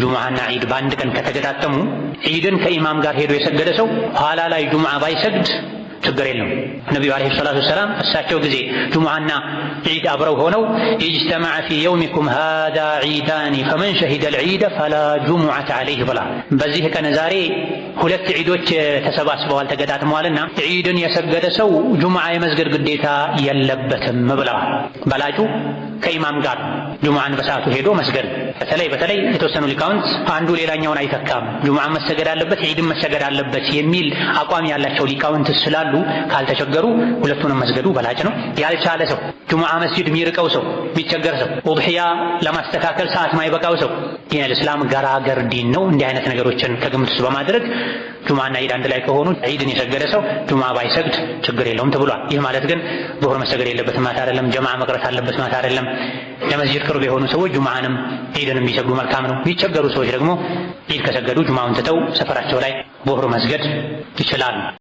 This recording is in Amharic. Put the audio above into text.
ጁምዓና ዒድ በአንድ ቀን ከተገጣጠሙ ዒድን ከኢማም ጋር ሄዶ የሰገደ ሰው ኋላ ላይ ጁምዓ ባይሰግድ ችግር የለም። ነቢዩ ዓለይሂ ሰላቱ ወሰላም እሳቸው ጊዜ ጁምዓና ዒድ አብረው ሆነው ኢጅተማዐ ፊ የውሚኩም ሃዛ ዒዳኒ ፈመን ሸሂደ ልዒደ ፈላ ጁሙዓተ ዓለይህ ብላ በዚህ ቀን ዛሬ ሁለት ዒዶች ተሰባስበዋል ተገጣጥመዋልና ዒድን የሰገደ ሰው ጁምዓ የመስገድ ግዴታ የለበትም ብለዋል። በላጩ ከኢማም ጋር ጁምዓን በሰዓቱ ሄዶ መስገድ። በተለይ በተለይ የተወሰኑ ሊቃውንት አንዱ ሌላኛውን አይተካም፣ ጁምዓን መሰገድ አለበት፣ ዒድን መሰገድ አለበት የሚል አቋም ያላቸው ሊቃውንት ስላሉ ካልተቸገሩ ሁለቱንም መስገዱ በላጭ ነው። ያልቻለ ሰው ጁምዓ መስጂድ የሚርቀው ሰው የሚቸገር ሰው፣ ውድሕያ ለማስተካከል ሰዓት ማይበቃው ሰው ዲን እስላም ገራገር ዲን ነው። እንዲህ አይነት ነገሮችን ከግምት ውስጥ በማድረግ ጁማና ዒድ አንድ ላይ ከሆኑ ዒድን የሰገደ ሰው ጁማ ባይሰግድ ችግር የለውም ተብሏል። ይህ ማለት ግን ዙሁር መሰገድ የለበት ማታ አይደለም፣ ጀማዓ መቅረት አለበት ማታ አይደለም። ለመስጂድ ቅርብ የሆኑ ሰዎች ጁማንም ዒድንም ቢሰግዱ መልካም ነው። የሚቸገሩ ሰዎች ደግሞ ዒድ ከሰገዱ ጁማውን ትተው ሰፈራቸው ላይ ዙሁር መስገድ ይችላሉ።